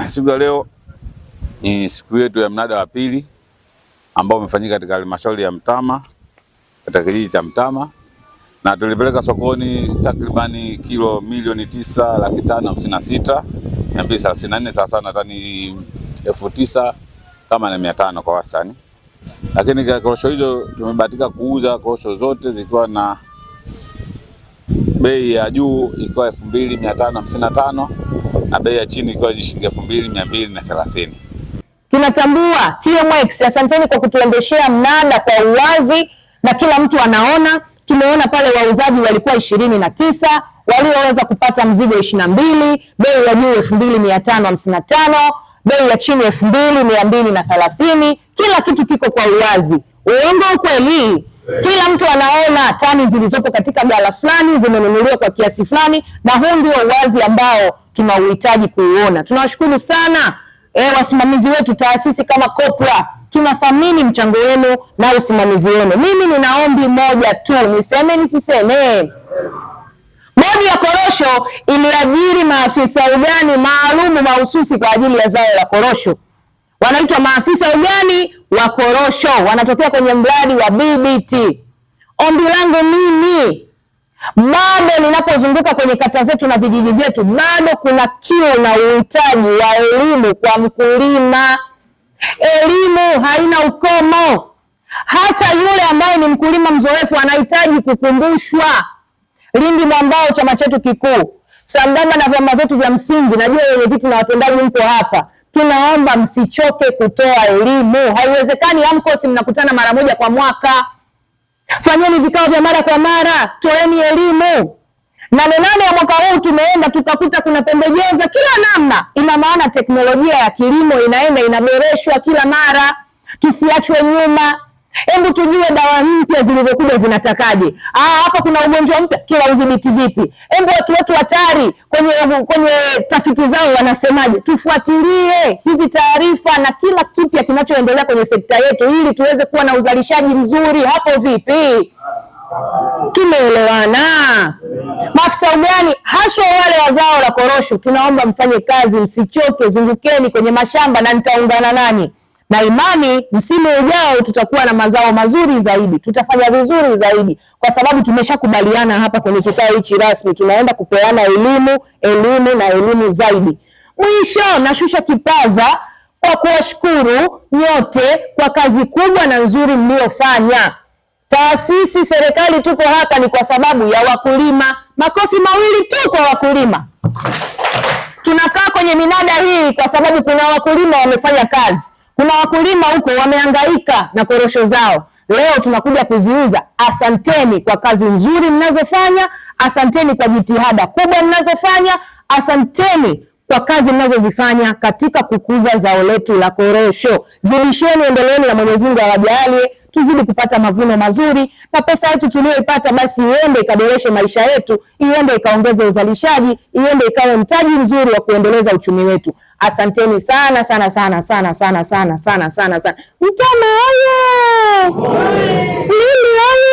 Siku ya leo ni siku yetu ya mnada wa pili ambao umefanyika katika halmashauri ya Mtama katika kijiji cha Mtama na tulipeleka sokoni takribani kilo milioni tisa laki tano hamsini na sita mia mbili thelathini na nne sawasawa tani elfu tisa kama na mia tano kwa wastani, lakini korosho hizo tumebahatika kuuza korosho zote zikiwa na bei ya juu ikiwa elfu mbili mia tano hamsini na tano na bei ya chini ikiwa shilingi elfu mbili mia mbili na thelathini. Tunatambua TMX, asanteni kwa kutuendeshea mnada kwa uwazi na kila mtu anaona. Tumeona pale wauzaji walikuwa ishirini na tisa walioweza kupata mzigo ishirini na mbili bei ya juu elfu mbili mia tano hamsini na tano bei ya chini elfu mbili mia mbili na thelathini. Kila kitu kiko kwa uwazi, uongo ukweli kila mtu anaona tani zilizopo katika gala fulani zimenunuliwa kwa kiasi fulani, na huu ndio uwazi ambao tunauhitaji kuuona. Tunawashukuru sana e, wasimamizi wetu, taasisi kama COPRA, tunathamini mchango wenu na usimamizi wenu. Mimi nina ombi moja tu, niseme nisiseme Bodi ya korosho iliajiri maafisa ugani maalumu mahususi kwa ajili ya zao la korosho wanaitwa maafisa ugani wa korosho, wanatokea kwenye mradi wa BBT. Ombi langu mimi bado ninapozunguka kwenye kata zetu na vijiji vyetu, bado kuna kiu na uhitaji wa elimu kwa mkulima. Elimu haina ukomo. Hata yule ambaye ni mkulima mzoefu anahitaji kukumbushwa. Lindi Mwambao, chama chetu kikuu, sambamba na vyama vyetu vya msingi, najua wenye viti na watendaji mko hapa tunaomba msichoke kutoa elimu. Haiwezekani AMCOS mnakutana mara moja kwa mwaka. Fanyeni vikao vya mara kwa mara, toeni elimu. Nane nane ya mwaka huu tumeenda tukakuta kuna pembejeo za kila namna. Ina maana teknolojia ya kilimo inaenda inaboreshwa kila mara, tusiachwe nyuma. Hebu tujue dawa mpya zilivyokuja zinatakaje? Ah, hapa kuna ugonjwa mpya, tunaudhibiti vipi? Hebu watu wetu hatari kwenye kwenye tafiti zao wanasemaje? Tufuatilie hizi taarifa na kila kipya kinachoendelea kwenye sekta yetu, ili tuweze kuwa na uzalishaji mzuri. Hapo vipi? Tumeelewana? Maafisa ugani haswa wale wa zao la korosho, tunaomba mfanye kazi, msichoke, zungukeni kwenye mashamba na nitaungana nanyi na imani, msimu ujao tutakuwa na mazao mazuri zaidi, tutafanya vizuri zaidi, kwa sababu tumeshakubaliana hapa kwenye kikao hichi rasmi, tunaenda kupeana elimu, elimu na elimu zaidi. Mwisho nashusha kipaza kwa kuwashukuru nyote kwa kazi kubwa na nzuri mliofanya. Taasisi serikali tuko hapa ni kwa sababu ya wakulima. Makofi mawili tu kwa wakulima. Tunakaa kwenye minada hii kwa sababu kuna wakulima wamefanya kazi. Kuna wakulima huko wameangaika na korosho zao, leo tunakuja kuziuza. Asanteni kwa kazi nzuri mnazofanya, asanteni kwa jitihada kubwa mnazofanya, asanteni kwa kazi mnazozifanya katika kukuza zao letu la korosho. Zilisheni, endeleeni na Mwenyezi Mungu awajalie tuzidi kupata mavuno mazuri, na pesa yetu tuliyoipata basi iende ikaboreshe maisha yetu, iende ikaongeze uzalishaji, iende ikawe mtaji mzuri wa kuendeleza uchumi wetu. Asanteni sana sana sana sana sana sana sana sana sana. Mtama oye! Lindi oye!